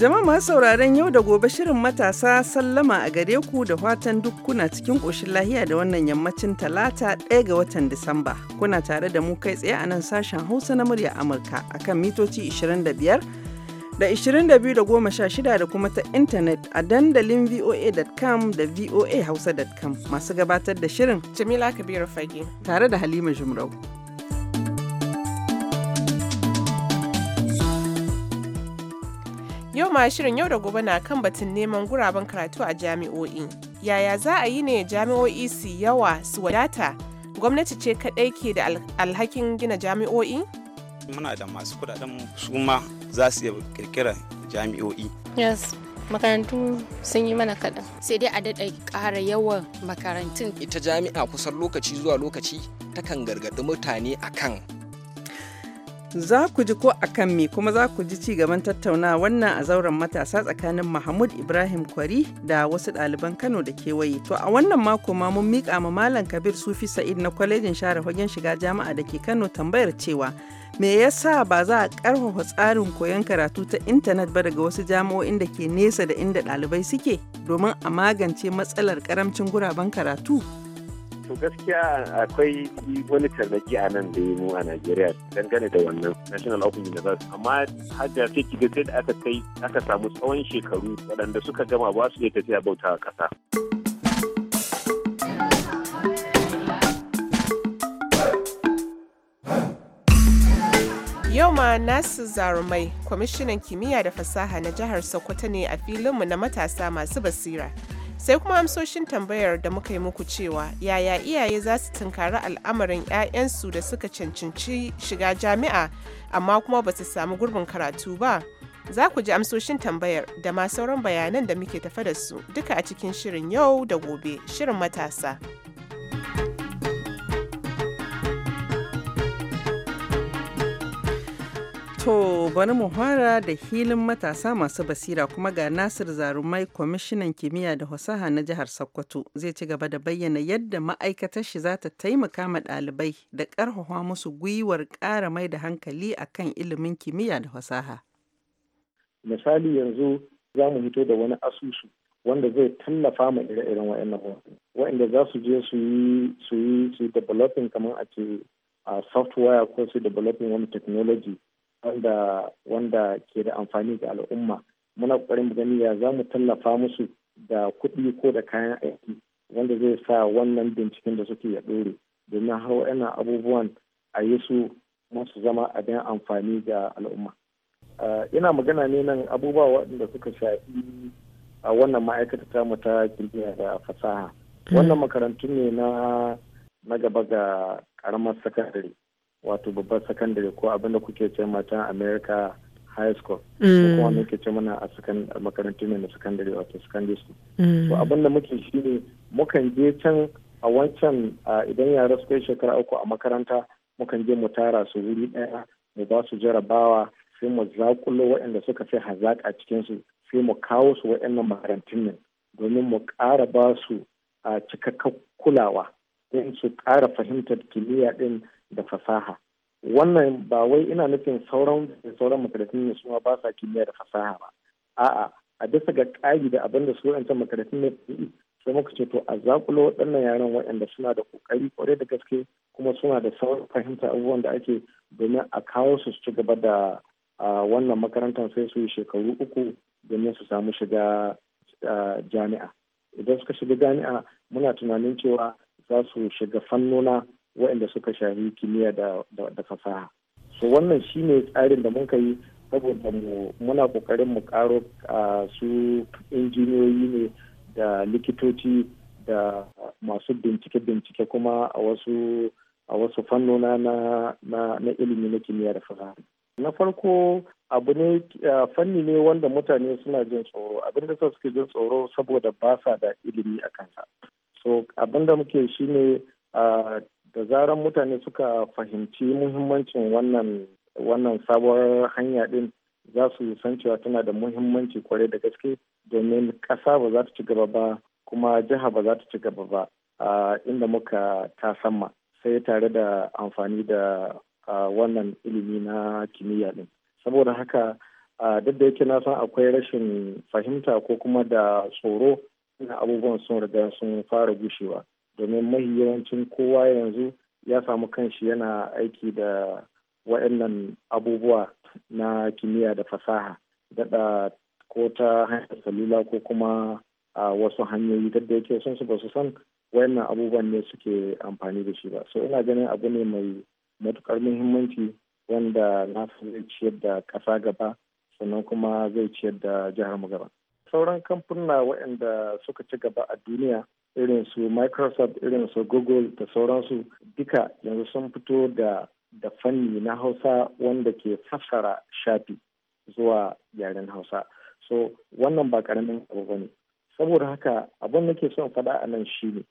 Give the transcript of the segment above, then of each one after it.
Jama'a masu sauraron yau da gobe shirin matasa sallama a gare ku da fatan duk kuna cikin ƙoshin lahiya da wannan yammacin talata ɗaya ga watan Disamba. Kuna tare da mu kai tsaye a nan sashen Hausa na murya Amurka akan mitoci 25 da 22 da goma sha shida da kuma ta intanet a dandalin voa.com da voahausa.com masu gabatar da shirin Jamila Kabiru Fage tare da Halima Jumrau. Yau ma shirin yau da gobe na kan batun neman guraben karatu a jami'o'i. Yaya za a yi ne jami'o'i su yawa su wadata? Gwamnati ce kaɗai ke da alhakin gina jami'o'i? Muna da masu kudaden su ma za su iya kirkira jami'o'i. Yes. makarantu sun yi mana kaɗan sai dai a daɗa ƙara yawan makarantun ita jami'a kusan lokaci zuwa lokaci takan gargaɗi mutane akan Za ku ji ko a kan me kuma za ku ji ci gaban tattaunawa wannan a zauren matasa tsakanin Mahmud Ibrahim Kwari da wasu ɗaliban Kano da kewaye. To a wannan mako ma mun miƙa ma Malam Kabir Sufi Sa'id na kwalejin share fagen shiga Jama'a da ke Kano tambayar cewa me yasa ba za a ƙarfafa tsarin koyon karatu ta intanet ba daga wasu jami'o'in da ke nesa da inda ɗalibai suke domin a magance matsalar ƙaramcin guraben karatu? to gaskiya akwai wani tarnaki a nan da yi mu a Najeriya dangane da wannan National Open University amma hajja sai kiga sai da aka kai aka samu tsawon shekaru waɗanda suka gama ba su iya tafiya bauta ƙasa. Yau ma Nasu Zarumai, kwamishinan kimiyya da fasaha na jihar Sokoto ne a filinmu na matasa masu basira. sai kuma amsoshin tambayar da muka yi muku cewa yaya iyaye za su tunkari al'amarin 'ya'yansu da suka cancanci shiga jami'a amma kuma ba su samu gurbin karatu ba za ku ji amsoshin tambayar da ma sauran bayanan da muke tafa da su duka a cikin shirin yau da gobe shirin matasa. To bari mu fara da hilin matasa masu basira kuma ga Nasir Zarumai kwamishinan kimiyya da fasaha na jihar Sokoto zai ci gaba da bayyana yadda ma'aikatar shi za ta taimaka ma ɗalibai da ƙarfafa musu gwiwar ƙara mai da hankali akan ilimin kimiyya da fasaha. Misali yanzu za mu fito da wani asusu wanda zai tallafa ma ire-iren wa'annan wa'anda za su je su yi su yi su developing kamar a ce a software ko su developing wani technology wanda wanda ke da amfani ga al'umma muna ƙoƙarin mu gani ya za mu tallafa musu da kuɗi ko da kayan aiki wanda zai sa wannan binciken da suke ya ɗore domin har yana abubuwan a yi su masu zama abin amfani ga al'umma eh, ina magana ne nan abubuwa waɗanda suka shafi a wannan ma'aikata ta mu ta kimiyya da fasaha hmm. wannan makarantu ne na na gaba ga ƙaramar sakandare wato babbar sakandare ko abinda kuke ce mata america high school mm. ko kuma muke ce mana a makarantu mai na sakandare wato secondary school to mm. abinda muke shi ne mukan je can a wancan idan yara suka yi shekara uku a makaranta mukan je mu tara su wuri daya mu ba su jarabawa sai mu zakulo waɗanda suka fi hazaƙa su sai mu kawo su waɗannan makarantun nan domin mu ƙara ba su a cikakken kulawa don su ƙara fahimtar kimiyya din. da fasaha wannan ba wai ina nufin sauran sauran makarantun ne suma ba sa kimiyya da fasaha ba a'a a bisa ga ƙari da abin da su wa'ancan makarantun ne su sai muka ce to a zakulo waɗannan yaran waɗanda suna da ƙoƙari kwarai da gaske kuma suna da sauran fahimta abubuwan da ake domin a kawo su su ci gaba da wannan makarantar sai su yi shekaru uku domin su samu shiga jami'a idan suka shiga jami'a muna tunanin cewa za su shiga fannona waɗanda suka shafi kimiyya da fasaha so wannan shi ne tsarin da muka yi saboda muna kokarin mu karo su injiniyoyi ne da likitoci da masu bincike-bincike kuma a wasu a fannona na, ilimi na kimiyya da fasaha na farko abu ne fanni ne wanda mutane suna jin tsoro abin da suke jin tsoro saboda ba sa da ilimi a kansa so abin da muke shi shine da zarar mutane suka fahimci muhimmancin wannan wannan sabuwar hanya din za su san cewa tana da muhimmanci kwarai da gaske domin ƙasa ba za ta ci gaba ba kuma jiha ba za ta ci gaba ba a inda muka ta tasamma sai tare da amfani da wannan ilimi na kimiyya din saboda haka duk da yake na san akwai rashin fahimta ko kuma da tsoro na abubuwan sun riga sun fara gushewa domin mahi yawancin kowa yanzu ya samu kanshi yana aiki da waɗannan abubuwa na kimiyya da fasaha daɗa ko ta hanyar salula ko kuma a wasu hanyoyi da yake sun su ba su san wayannan abubuwan ne suke amfani da shi ba so ina ganin abu ne mai matukar muhimmanci wanda na zai ciyar da ƙasa gaba sannan kuma zai ciyar da jihar mu gaba sauran kamfuna waɗanda suka ci gaba a duniya irin su microsoft irin su google da sauransu duka yanzu sun fito da da fanni na hausa wanda ke fassara shafi zuwa yaren hausa so wannan ba karamin abu bane. saboda haka abin da ke son faɗa a nan shine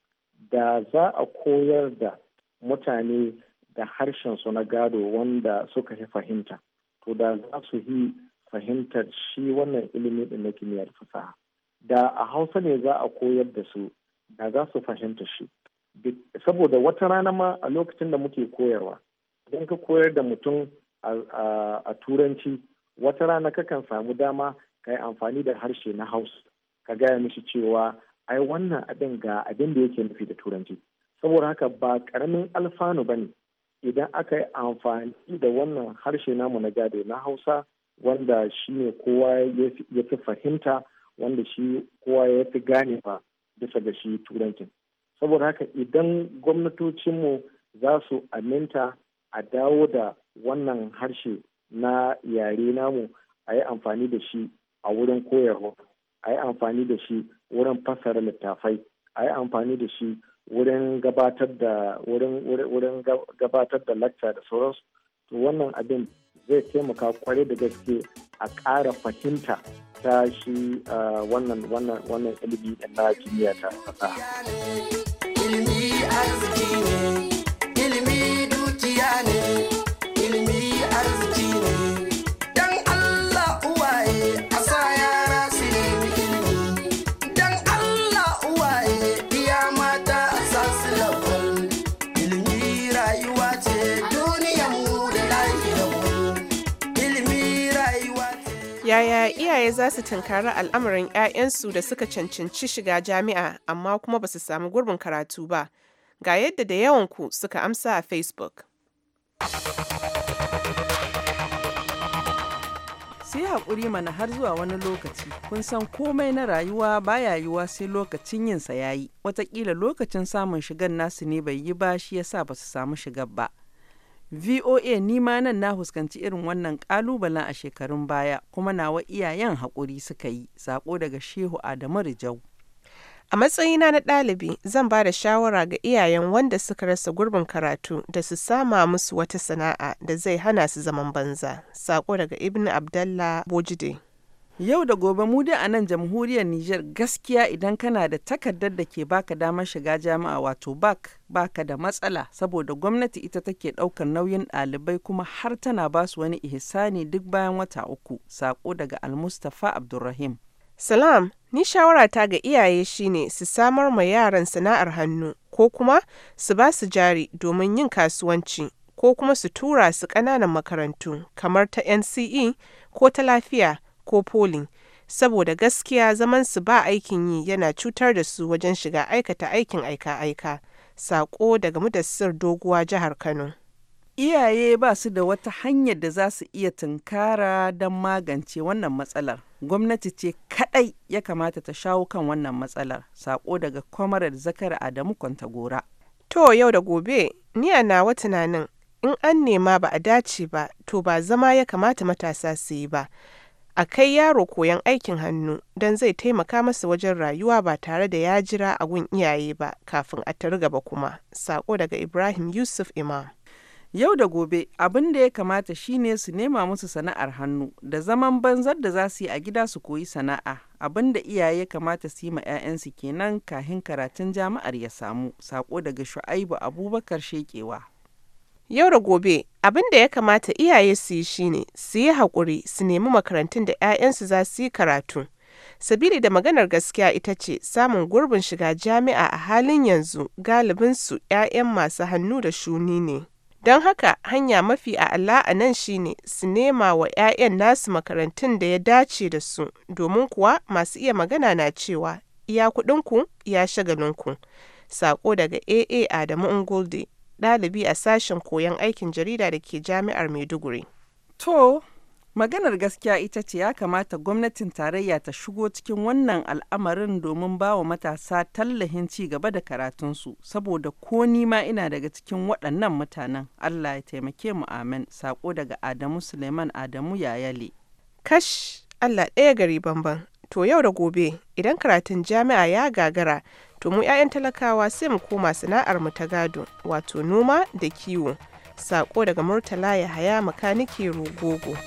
da za a koyar da mutane da harshen su na gado wanda suka fi fahimta to da za su yi fahimtar shi wannan ilimin da na kimiyyar fasaha da a hausa ne za a koyar da su da za su fahimta shi saboda wata rana ma a lokacin da muke koyarwa idan ka koyar da mutum a turanci wata rana ka kan samu dama ka yi amfani da harshe na hausa ka gaya mishi cewa ai wannan abin ga abin da yake nufi da turanci saboda haka ba karamin alfanu ba ne idan aka yi amfani da wannan harshe namu na gado na hausa wanda shi ne kowa ya fi fahimta wanda shi kowa ya fi gane ba bisa ga shi turancin saboda haka idan gwamnatocinmu za su aminta a dawo da wannan harshe na yare namu a yi amfani da shi a wurin koyarwa a yi amfani da shi wurin fassara littafai a yi amfani da shi wurin gabatar da wurin da lacca da sauransu to wannan abin zai taimaka kwarai da gaske a ƙara fahimta ta shi wannan wannan wannan ilimi da na kimiyya ta fasa. Ilimi arziki ne, ilimi dukiya ne. Yaya iyaye za su tunkari al'amarin 'ya'yansu da suka cancanci shiga jami'a amma kuma ba su samu gurbin karatu ba? Ga yadda da yawan ku suka amsa a Facebook. sai haƙuri mana har zuwa wani lokaci kun san komai na rayuwa baya yiwuwa sai lokacin yinsa ya yi watakila lokacin samun shigan nasu ne bai yi ba shi yasa ba su samu shigar ba VOA ni ma nan na huskanci irin wannan kalubalen a shekarun baya kuma nawa iyayen haƙuri suka yi sako daga Shehu Adamu Rijau. A matsayina na ɗalibi zan ba da shawara ga iyayen wanda suka rasa gurbin karatu da su sama musu wata sana'a da zai hana su zaman banza. Sako daga Ibn Abdallah Bojide. Yau da gobe mu dai a nan jamhuriyar Nijar gaskiya idan kana da takardar da ke baka damar shiga jami'a wato bak baka da matsala saboda gwamnati ita take ɗaukar nauyin ɗalibai kuma har tana ba su wani ihsani duk bayan wata uku sako daga Almustafa Abdulrahim. Salam, ni shawarata ga iyaye shine su samar ma yaran sana'ar hannu ko kuma su ba su jari domin yin kasuwanci ko kuma su tura su ƙananan makarantu kamar ta NCE ko ta lafiya. ko polling saboda gaskiya zaman su ba aikin yi yana cutar da su wajen shiga aikata aikin aika-aika. Saƙo daga Mudassir Doguwa jihar Kano. Iyaye ba su da wata hanyar da za su iya tunkara don magance wannan matsalar. Gwamnati ce kaɗai ya kamata ta shawo kan wannan matsalar. Sako daga Kwamarar Zakar Adamu Kwantagora. To yau da gobe, ni a nawa tunanin in an nema ba a dace ba, to ba zama ya kamata matasa su yi ba. A kai yaro koyon aikin hannu don zai taimaka masa wajen rayuwa ba tare da ya jira a gun iyaye ba kafin a targa ba kuma. Sako daga Ibrahim Yusuf Imam. Yau da gobe abin da ya kamata shine su nema musu sana'ar hannu da zaman banzar da za su yi a gida su koyi sana'a abin da iyaye kamata su yi ma 'ya'yansu kenan kahin karatun jama'ar ya samu sako daga Shu'aibu Abubakar Shekewa. Yau da gobe abin da ya kamata iyaye su yi shi ne su yi haƙuri su nemi makarantun da 'ya'yansu za su yi karatu. Sabili da maganar gaskiya ita ce samun gurbin shiga jami'a a halin yanzu galibinsu 'ya'yan masu hannu da shuni ne. Don haka hanya mafi a'ala a nan shi ne su nema wa 'ya'yan nasu makarantun da ya dace da su domin kuwa masu iya magana na cewa iya kuɗinku iya shagalinku. Sako daga AA Adamu Ungulde. ɗalibi a sashen koyon aikin jarida da ke jami'ar Maiduguri. To, maganar gaskiya ita ce ya kamata gwamnatin tarayya ta shigo cikin wannan al'amarin domin ba wa matasa tallahin ci gaba da karatunsu, saboda ko ni ma ina daga cikin waɗannan mutanen. Allah ya taimake mu amen. Sako daga Adamu Suleiman Adamu Yayale. Kash, Allah ɗaya gari bamban. To yau da gobe, idan karatun jami'a ya gagara, to mu 'ya'yan talakawa sai mu koma sana'ar mu ta gado wato noma da kiwo sako daga murtala ya haya makaniki rogogo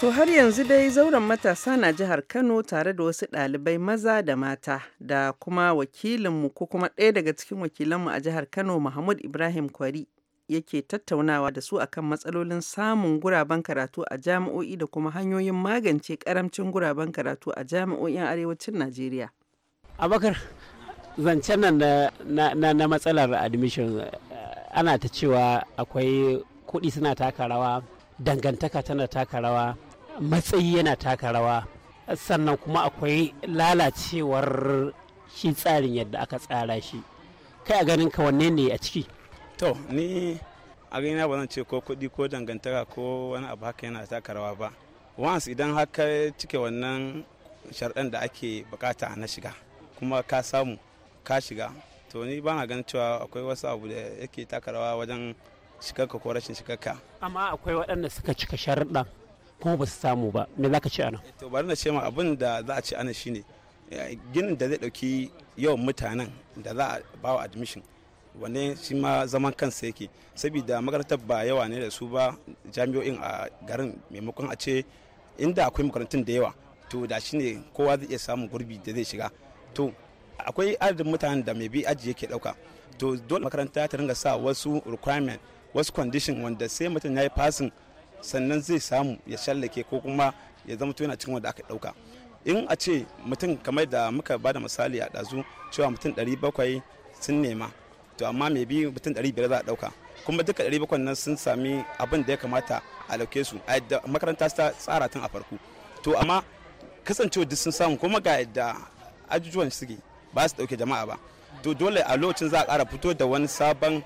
To har yanzu dai zauren matasa na jihar Kano tare da wasu ɗalibai maza da mata da kuma wakilinmu ko kuma ɗaya daga cikin wakilanmu a jihar Kano Mahmud Ibrahim Kwari yake tattaunawa da su akan matsalolin samun guraben karatu a jami'o'i da kuma hanyoyin magance karamcin guraben karatu a jami'o'in arewacin Najeriya. Abakar zancen nan na, na, na matsalar admission eh, ana ta cewa akwai kuɗi suna taka rawa dangantaka tana taka rawa matsayi yana taka rawa sannan kuma akwai lalacewar shi tsarin yadda aka tsara shi kai a ganin ka wanne ne a ciki to ni a ganina ba zan ce ko kuɗi ko dangantaka ko wani abu haka yana taka rawa ba once idan haka cike wannan sharɗan da ake bukata na shiga kuma ka samu ka shiga to ni ba na ganin cewa akwai wasu abu da yake taka rawa wajen shigarka ko rashin shigarka amma akwai waɗanda suka cika sharɗan ko ba su samu ba me za ka ce ana to bari na ce ma abin da za a ce ana shine ginin da zai ɗauki yawan mutanen da za a bawa admission wanne shi ma zaman kansa yake saboda makarantar ba yawa ne da su ba jami'o'in a garin maimakon a ce inda akwai makarantun da yawa to da shi ne kowa zai iya samun gurbi da zai shiga to akwai adadin mutanen da mai bi aji yake dauka to dole makaranta ta ringa sa wasu requirement wasu condition wanda sai mutum ya yi passing sannan zai samu ya shallake ko kuma ya zama yana cikin wanda aka dauka in a ce mutum kamar da muka ba da misali a ɗazu cewa mutum 700 sun nema to amma mai bi mutum ɗari biyar za a ɗauka kuma duka ɗari bakwai nan sun sami abin da ya kamata a ɗauke su a yadda makaranta ta tsara tun a farko to amma kasancewa duk sun samu kuma ga yadda ajujuwan suke ba su ɗauke jama'a ba to dole a lokacin za a ƙara fito da wani sabon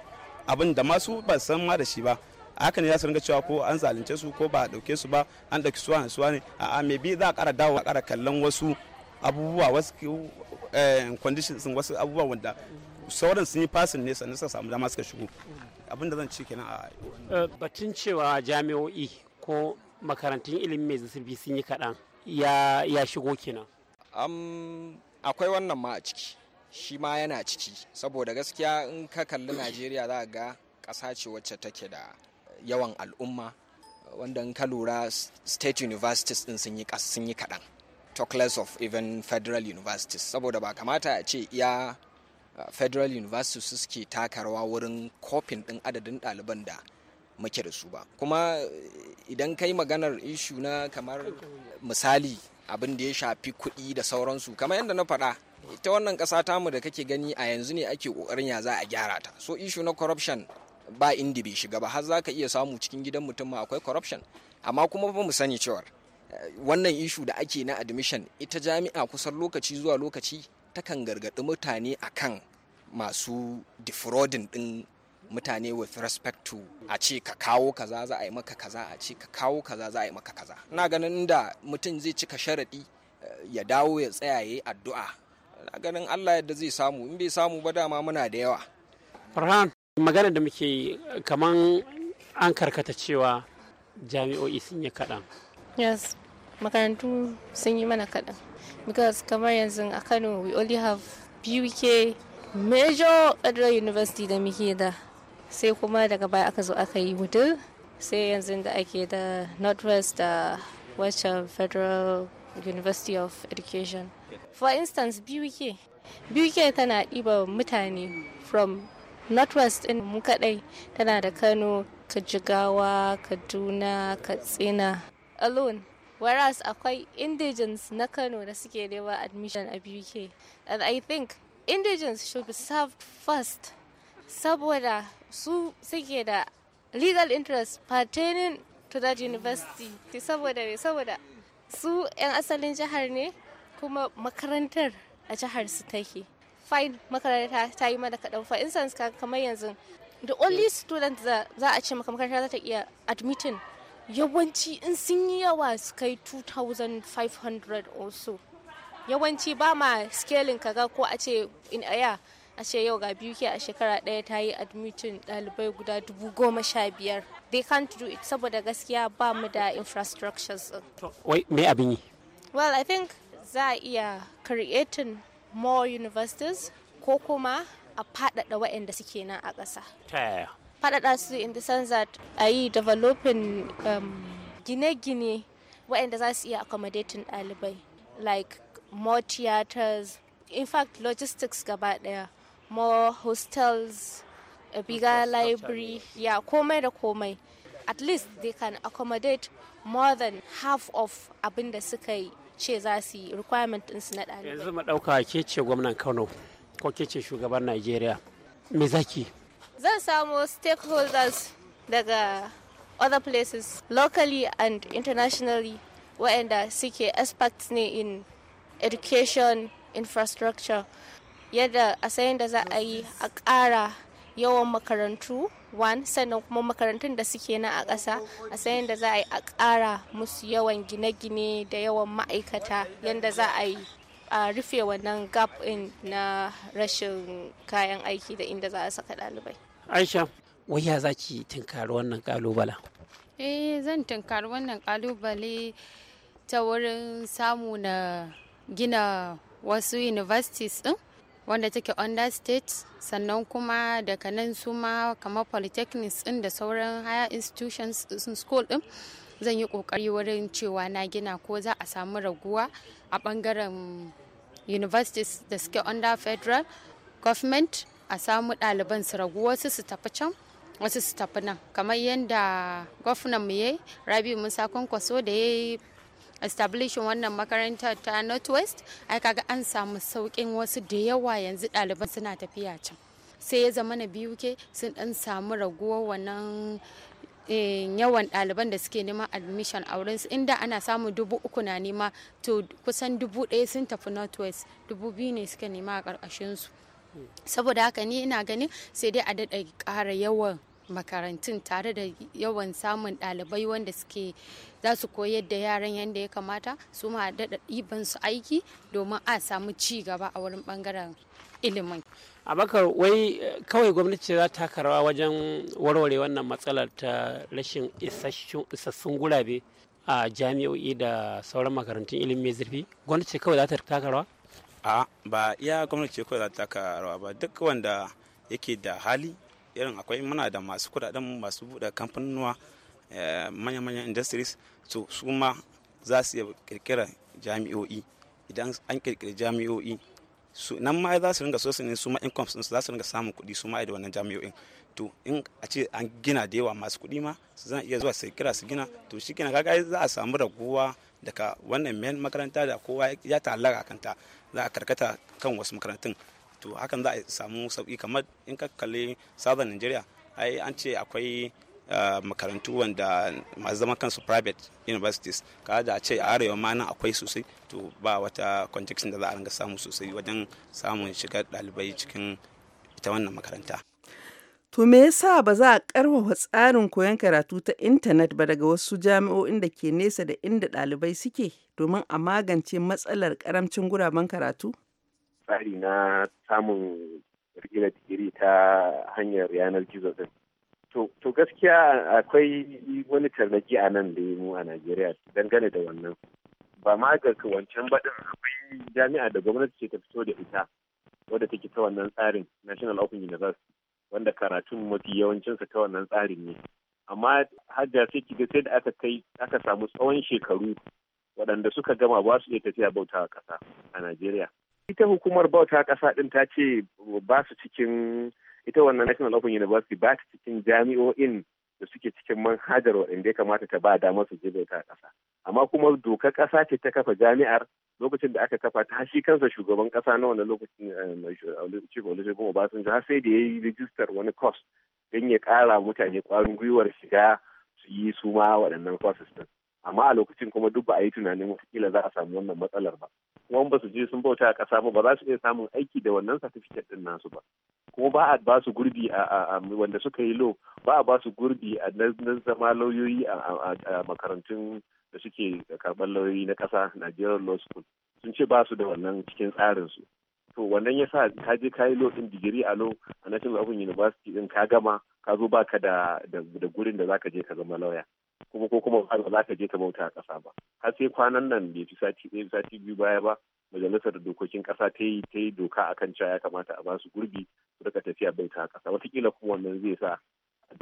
abin da masu ba san ma da shi ba haka ne za su ringa cewa ko an zalunce su ko ba a ɗauke su ba an ɗauki suwa suwa ne a'a mai bi za a ƙara dawo a ƙara kallon wasu abubuwa wasu eh, conditions wasu abubuwa wanda sauran sun yi fasin nesa nesa suka samu dama suka shigo abin da zan ce kenan a eh, batun cewa jami'o'i ko makarantun ilimin mai zurfi sun yi kaɗan ya shigo kenan akwai wannan ma a ciki shi ma yana ciki saboda gaskiya in ka kalli najeriya za ga ƙasa ce wacce take da yawan al'umma wanda in ka lura state universities din sun yi kaɗan talk less of even federal universities saboda ba kamata a ce iya federal university suke taka rawa wurin kofin ɗin adadin ɗaliban da muke da su ba kuma eh, idan kai maganar ishu na kamar misali abin da ya shafi kuɗi da sauransu kamar yadda na faɗa ita wannan ƙasa tamu da kake gani a yanzu ne ake ƙoƙarin ya za a gyara ta so ishu na corruption ba inda bai shiga ba har za ka iya samu cikin gidan mutum ma akwai corruption amma kuma ba mu sani cewar eh, wannan ishu da ake na admission ita jami'a kusan lokaci zuwa lokaci takan gargaɗi mutane akan masu defrauding ɗin mutane with respect to a ce ka kawo kaza za a yi maka kaza a ce ka kawo kaza za a yi maka kaza na ganin inda mutum zai cika sharaɗi eh, ya dawo ya tsaya ya yi addu'a na ganin allah yadda zai samu in bai samu ba dama muna da yawa farhan magana da muke kaman an karkata cewa jami'o'i sun yi kaɗan yes makarantu sun yi mana kaɗan because kamar yanzu a Kano we only have BUK major federal university da muke da sai kuma daga baya aka zo aka yi wudu sai yanzu da ake da northwest da waccan federal university of education for instance BUK BUK tana ɗiba mutane from northwest din mu kadai tana da kano kajigawa kaduna katsina alone whereas akwai indigens na Kano da suke neman admission a BUK and I think indigens should be served first saboda su suke da legal interest pertaining to that university saboda ne saboda su 'yan asalin jihar ne kuma makarantar a jihar su take fine makaranta ta yi mana kaɗan for instance kamar yanzu the only student za a ce makarantar makaranta za ta iya admitting yawanci in sun yi yawa su kai 2500 or so yawanci ba ma scaling kaga ko a ce in aya a ce yau ga biyu ke a shekara ɗaya ta yi admitting ɗalibai guda dubu goma sha biyar they can't do it saboda gaskiya ba mu da infrastructures wai me abin yi well i think za a iya creating more universities ko kuma a faɗaɗa waɗanda suke nan a ƙasa faɗaɗa su in the sense that a yi developing um, gine-gine waɗanda za su iya accommodating ɗalibai like more theaters in fact logistics gaba ɗaya more hostels a bigger library yeah komai da komai at least they can accommodate more than half of abin da suka yi ce za su yi requirement ɗinsu na ɗalibai yanzu ma ɗauka ke ce gwamnan kano ko ke ce shugaban najeriya me zaki zan samo stakeholders daga other places locally and internationally waɗanda suke aspects ne in education infrastructure yadda a sayan da za a yi a ƙara yawan makarantu one sannan kuma makarantun da suke na a ƙasa a sayan da za a yi a ƙara musu yawan gine-gine da yawan ma'aikata yadda za a yi a rufe wannan gap in na rashin kayan aiki da inda za a saka ɗalibai aisha wai ya za ki tunkari wannan kalubala eh zan tunkari wannan kalubale ta wurin samu na gina wasu universities din wanda take under state sannan kuma daga nan su ma kamar polytechnics din da sauran higher institutions school din zan yi kokari wurin cewa na gina ko za a samu raguwa a bangaren universities da suke under federal government a samu ɗaliban su ragu wasu su tafi can wasu su tafi nan kamar yadda gwafnan mu yayi rabi musa kwankwaso da ya establishin wannan makarantar ta northwest ai kaga an samu saukin wasu da yawa yanzu ɗaliban suna tafiya can sai ya zama na biyu ke sun ɗan samu raguwar wannan eh, yawan ɗaliban da suke neman admission a wurin inda ana samu dubu uku na nema to kusan dubu ɗaya sun tafi northwest dubu biyu ne suka nema a ƙarƙashinsu saboda haka ni ina ganin sai dai a daɗa ƙara yawan makarantun tare da yawan samun ɗalibai wanda suke za su koyar da yaran yadda ya kamata su ma daɗa ɗiban su aiki domin a samu ci gaba a wurin ɓangaren ilimin. abakar wai kawai gwamnati za ta karawa wajen warware wannan matsalar ta rashin isassun gurabe a jami'o'i da sauran makarantun ilimin mai zurfi gwamnati kawai za ta taka rawa a ba iya gwamnati ce kawai za ta taka rawa ba duk wanda yake da hali irin akwai muna da masu kudaden masu bude kamfanuwa eh, manya-manyan industries to su ma za su iya kirkira jami'o'i idan an kirkiri jami'o'i su nan ma za su ringa so su ne su ma incomes su za su ringa samun kuɗi su ma da wannan jami'o'in to in a ce an gina da yawa masu kuɗi ma su zan iya zuwa su kira su gina to shi gina kaga za a samu raguwa daga wannan main makaranta da kowa ya ta'allaka kanta za a karkata kan wasu makarantun to hakan za a samu sauki kamar in ka kalli southern nigeria ai an ce akwai eh, makarantu wanda masu zaman kansu private universities ka da ce a arewa ma nan akwai sosai to ba wata conjection da za a ringa samu sosai wajen samun shigar ɗalibai cikin ita wannan makaranta To me yasa ba za a ƙarfafa tsarin koyon karatu ta intanet ba daga wasu jami'o'in da ke nesa da inda ɗalibai suke domin a magance matsalar ƙaramcin guraben karatu? Tsari na samun rigina digiri ta hanyar yanar gizo ɗin. To gaskiya akwai wani tarnaki a nan da mu a Najeriya dangane da wannan. Ba ma ga wancan baɗin akwai jami'a da gwamnati ce ta fito da ita wadda take ta wannan tsarin National Open University. wanda karatun mafi yawancinsa ta wannan tsarin ne amma hajja sai kiga sai da aka kai aka samu tsawon shekaru waɗanda suka gama ba su iya tafiya bauta ƙasa a Najeriya. Ita hukumar bauta ƙasa ɗin ta ce ba su cikin ita wannan National Open University ba ta cikin jami'o'in da suke cikin manhajar waɗanda ya kamata ta ba damar su je bauta a ƙasa amma kuma dokar ƙasa ce ta kafa jami'ar lokacin da aka kafa ta shi kansa shugaban ƙasa na wannan lokacin eh, chief olusegun obasanjo har sai da ya yi rijistar wani kwas don ya ƙara mutane ƙwarin gwiwar shiga su yi su ma waɗannan courses amma a lokacin kuma duk ba a yi tunanin watakila za a samu wannan matsalar ba kuma ba su je sun bauta a ƙasa ba za su iya samun aiki da wannan certificate ɗin nasu ba kuma ba a ba su gurbi a wanda suka yi lo ba a ba su gurbi a nan zama lauyoyi a makarantun da suke karɓar lauyoyi na ƙasa Nigerian Law School sun ce ba su da wannan cikin tsarin su to wannan ya sa ka je ka yi lo din digiri a lo a National abin University ɗin ka gama ka zo ba ka da gurin da za ka je ka zama lauya kuma ko kuma ba za ka je ta bauta a ƙasa ba har sai kwanan nan bai fi sati ɗaya sati biyu baya ba majalisar dokokin ƙasa ta yi ta yi doka akan cewa ya kamata a basu gurbi su rika tafiya bauta a ƙasa wataƙila kuma wannan zai sa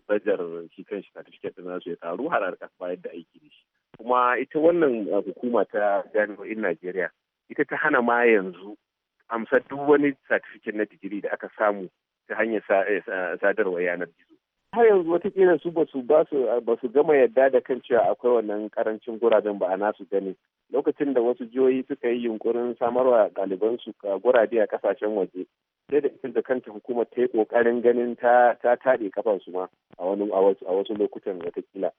darajar shi kan shi certificate ɗin nasu ya ƙaru har a bayar da aiki da shi kuma ita wannan uh, hukuma ta in Najeriya ita ta hana ma yanzu amsa duk wani certificate na digiri da aka samu ta hanyar eh, sadarwar yanar gizo har yanzu watakila su ba su ba su gama yadda da kan cewa akwai wannan karancin guraben ba a nasu gani lokacin da wasu jihohi suka yi yunkurin samarwa galibansu su gurabe a kasashen waje sai da ita kanta hukumar ta yi ƙoƙarin ganin ta ta taɗe kafan su ma a wani a wasu lokutan watakila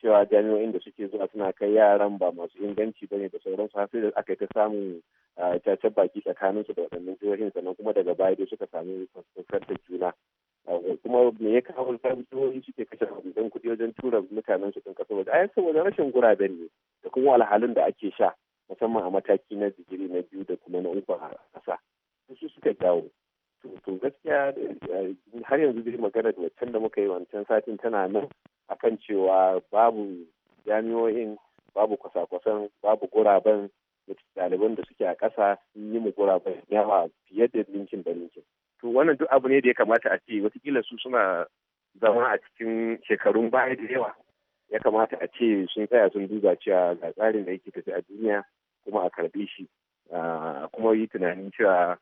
cewa jami'o'in da suke zuwa suna kai yaran ba masu inganci bane da sauransu su sai da aka yi ta samun cacar ah, baki tsakaninsu da waɗannan jihohin sannan kuma daga baya dai suka samu fuskantar juna Eh, kuma me ya kawo jami'o'i suke kashe mabudan kuɗi wajen tura mutanen su ɗin kaso waje yanzu saboda rashin guraben ne da kuma alhalin da ake sha musamman a mataki na digiri na biyu da kuma na uku a ƙasa su suka dawo to gaskiya eh, har yanzu dai magana da wancan da muka yi wancan satin tana nan akan cewa babu jami'o'in babu kwasa-kwasan babu guraben daliban da suke a ƙasa sun yi mu guraben yawa fiye da linkin da linkin to wannan duk abu ne da ya kamata a ce watakila su suna zama a cikin shekarun baya da yawa ya kamata a ce sun tsaya sun duba cewa ga tsarin da yake tafi a duniya kuma a karbe shi kuma yi tunanin cewa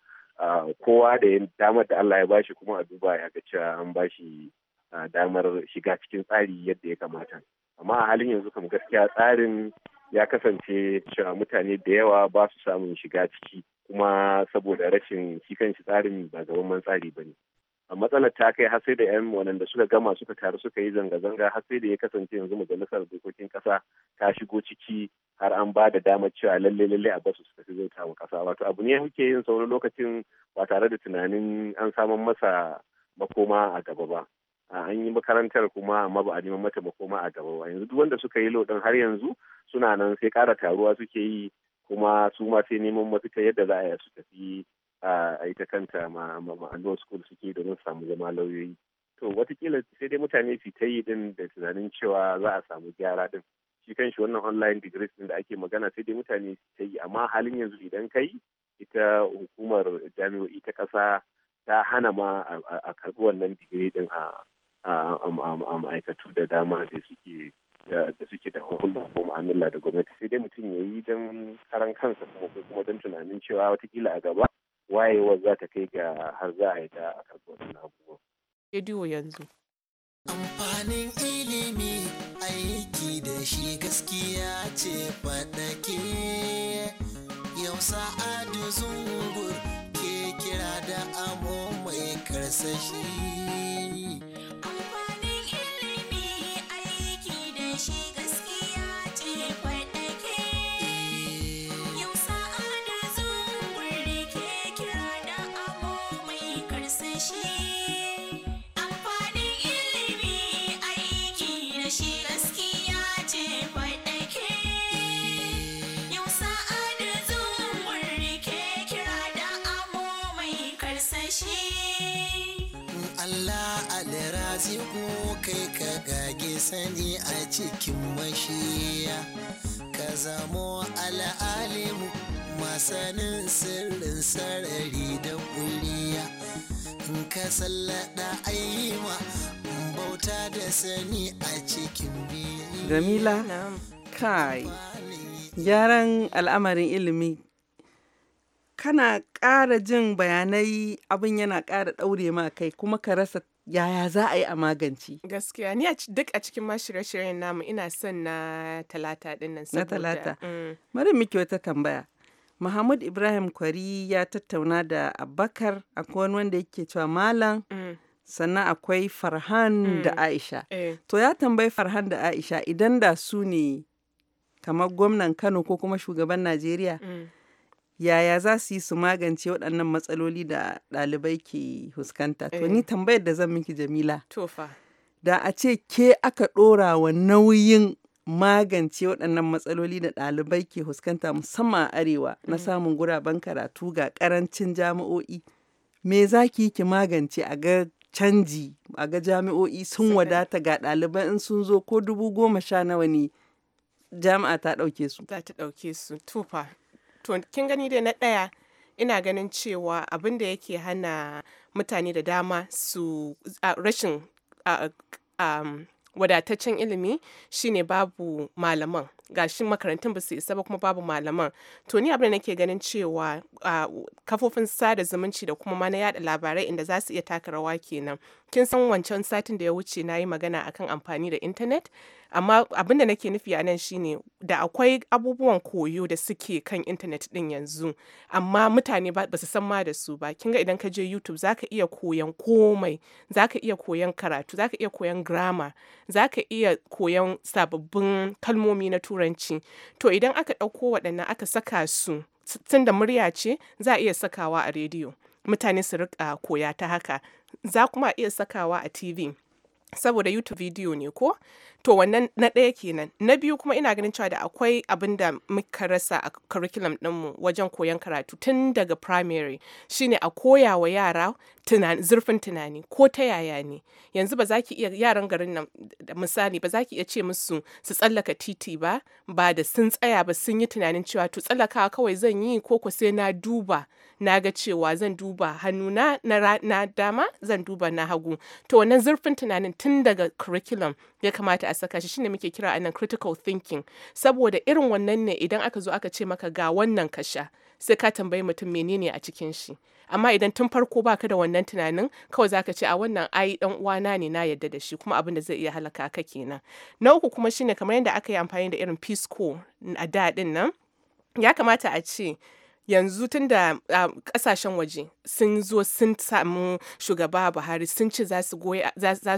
kowa da damar da Allah ya bashi kuma a duba ya ga cewa an bashi damar shiga cikin tsari yadda ya kamata amma a halin yanzu kam gaskiya tsarin ya kasance cewa mutane da yawa ba su samun shiga ciki kuma saboda rashin shi kanshi tsarin ba gaban tsari ba ne a matsalar ta kai har sai da yan waɗanda suka gama suka taru suka yi zanga-zanga har sai da ya kasance yanzu majalisar dokokin kasa ta shigo ciki har an ba da damar cewa lalle lalle a basu suka fi zauta wa kasa wato abu ne muke yin sauran lokacin ba tare da tunanin an samun masa makoma a gaba ba an yi makarantar kuma amma ba a neman mata makoma a gaba ba yanzu duk wanda suka yi lodin har yanzu suna nan sai kara taruwa suke yi kuma su ma sai neman mafita yadda za a yi su tafi a ita kanta ma ma'anon school suke domin samu zama lauyoyi to watakila sai dai mutane su ta yi din da tunanin cewa za a samu gyara din shi kan shi wannan online degrees din da ake magana sai dai mutane su ta yi amma halin yanzu idan kai ita hukumar jami'o'i ta ƙasa ta hana ma a karɓi wannan digiri din a ma'aikatu da dama da suke da suke da hukunta ko mu'amala da gwamnati sai dai mutum ya yi don karan kansa kuma don tunanin cewa watakila a gaba wayewar za ta kai ga har za a yi da a karɓar abubuwan. Rediyo yanzu. Amfanin ilimi aiki da shi gaskiya ce faɗake yau sa'adu zungur ke kira da abu mai karsashi. kai ka gage sani a cikin mashiya ka zamo al'alimu masanin sirrin sarari da kuliya in ka sallada ayyima bauta da sani a cikin gamila kai gyaran al'amarin ilimi kana ƙara jin bayanai abin yana ƙara ɗaure ma kai kuma ka rasa yaya za a yi a magance gaskiya ni duk a cikin ma shirye-shiryen namu ina son na talata din nan na talata mm. bari miki wata tambaya Muhammad Ibrahim Kwari ya tattauna da Abakar akwai wanda yake cewa malam mm. sannan akwai Farhan da mm. Aisha eh. to ya tambayi Farhan da Aisha idan da su ne kamar gwamnan Kano ko kuma shugaban Najeriya yaya za su yi su magance waɗannan matsaloli da ɗalibai ke huskanta to ni eh. tambayar da zan miki jamila tofa da a ce ke aka ɗora wa nauyin magance waɗannan matsaloli da ɗalibai ke huskanta musamman a arewa na mm. samun guraben karatu ga ƙarancin jami'o'i me za ki yi ki magance a ga canji a ga jami'o'i sun wadata ga ɗalibai in sun zo ko dubu goma sha nawa ne jami'a ta ɗauke su. Ta ta ɗauke su tufa to kin gani dai na ɗaya ina ganin cewa abin da yake hana mutane da dama su rashin wadataccen ilimi shine babu malaman gashi makarantun ba su isa ba kuma babu malaman to ni abin da nake ganin cewa kafofin sada zumunci da kuma mana yada labarai inda za su iya taka rawa kenan kin san wancan satin da ya wuce na yi magana akan amfani da intanet amma abin da nake nufi a nan shine da akwai abubuwan koyo da suke kan intanet din yanzu amma mutane ba su san ma da su ba kinga idan ka je youtube zaka iya koyan komai zaka iya koyan karatu zaka iya koyan grammar zaka iya koyan sababbin kalmomi na turanci to idan aka ɗauko waɗannan aka saka su tunda murya ce za a iya sakawa a rediyo mutane su rika koya ta haka za kuma iya sakawa a tv saboda YouTube video ne ko? To wannan na ɗaya kenan. Na biyu kuma ina ganin cewa da akwai abin da muka rasa a curriculum ɗinmu wajen koyon karatu tun daga primary shine a koya wa yara zurfin tunani ko ta yaya ne. Yanzu ba za ki iya yaran garin nan misali ba za ki iya ce musu su tsallaka titi ba ba da sun tsaya ba sun yi tunanin cewa to tsallakawa kawai zan yi ko ko sai na duba na ga cewa zan duba hannu na dama zan duba na hagu. To wannan zurfin tunanin tun daga curriculum ya kamata a saka shi shine muke kira a nan critical thinking saboda irin wannan ne idan aka zo aka ce maka ga wannan ka sha sai ka tambayi mutum menene a cikin shi amma idan tun farko baka da wannan tunanin kawai zaka ce a wannan ai dan uwana ne na yadda da shi kuma abin da zai iya halaka ka kenan na uku kuma shine kamar yadda aka yi amfani da irin peace corps a daɗin nan ya kamata a ce yanzu tun da kasashen waje sun zo sun samu shugaba buhari sun ci za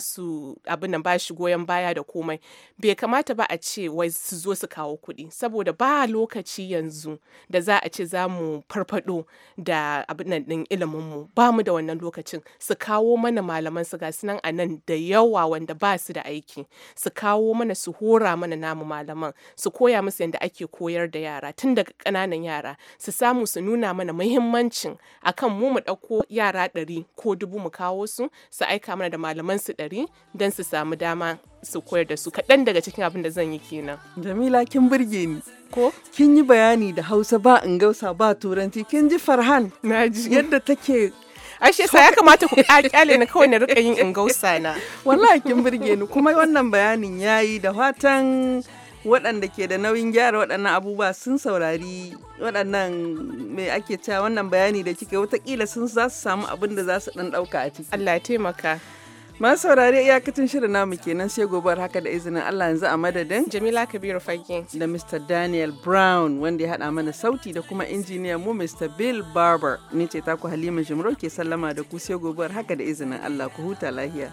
su abin nan ba shi goyon baya da komai bai kamata ba a ce wai su zo su kawo kuɗi saboda ba lokaci yanzu da za a ce za mu farfado da abin nan ɗin iliminmu ba mu da wannan lokacin su kawo mana malaman su gasu nan a nan da yawa wanda ba su da aiki su kawo mana su hora mana namu malaman su koya musu yadda ake koyar da yara tun daga ƙananan yara su samu samu su nuna mana muhimmancin akan mu mu ɗauko yara ɗari ko dubu mu kawo su su aika mana da malaman su ɗari don su samu dama su koyar da su kaɗan daga cikin abin da zan yi kenan. Jamila kin burge ni. Ko? Kin yi bayani da Hausa ba in gausa ba Turanci kin ji Farhan. Na ji. Yadda take ashe sa ya kamata ku kyale ni kawai na rika yin gausa na wallahi kin burge ni kuma wannan bayanin yayi da fatan waɗanda ke da nauyin gyara waɗannan abubuwa sun saurari waɗannan mai ake cewa wannan bayani da kika watakila sun za su samu abin da za su ɗan ɗauka a ciki. Allah taimaka. Masu saurari iyakacin shirin namu kenan sai gobar haka da izinin Allah yanzu a madadin. Jamila Kabiru Fagin. Da Mr. Daniel Brown wanda ya haɗa mana sauti da kuma injiniyan mu Mr. Bill Barber. Ni ce taku Halima Jimro ke sallama da ku sai gobar haka da izinin Allah ku huta lahiya.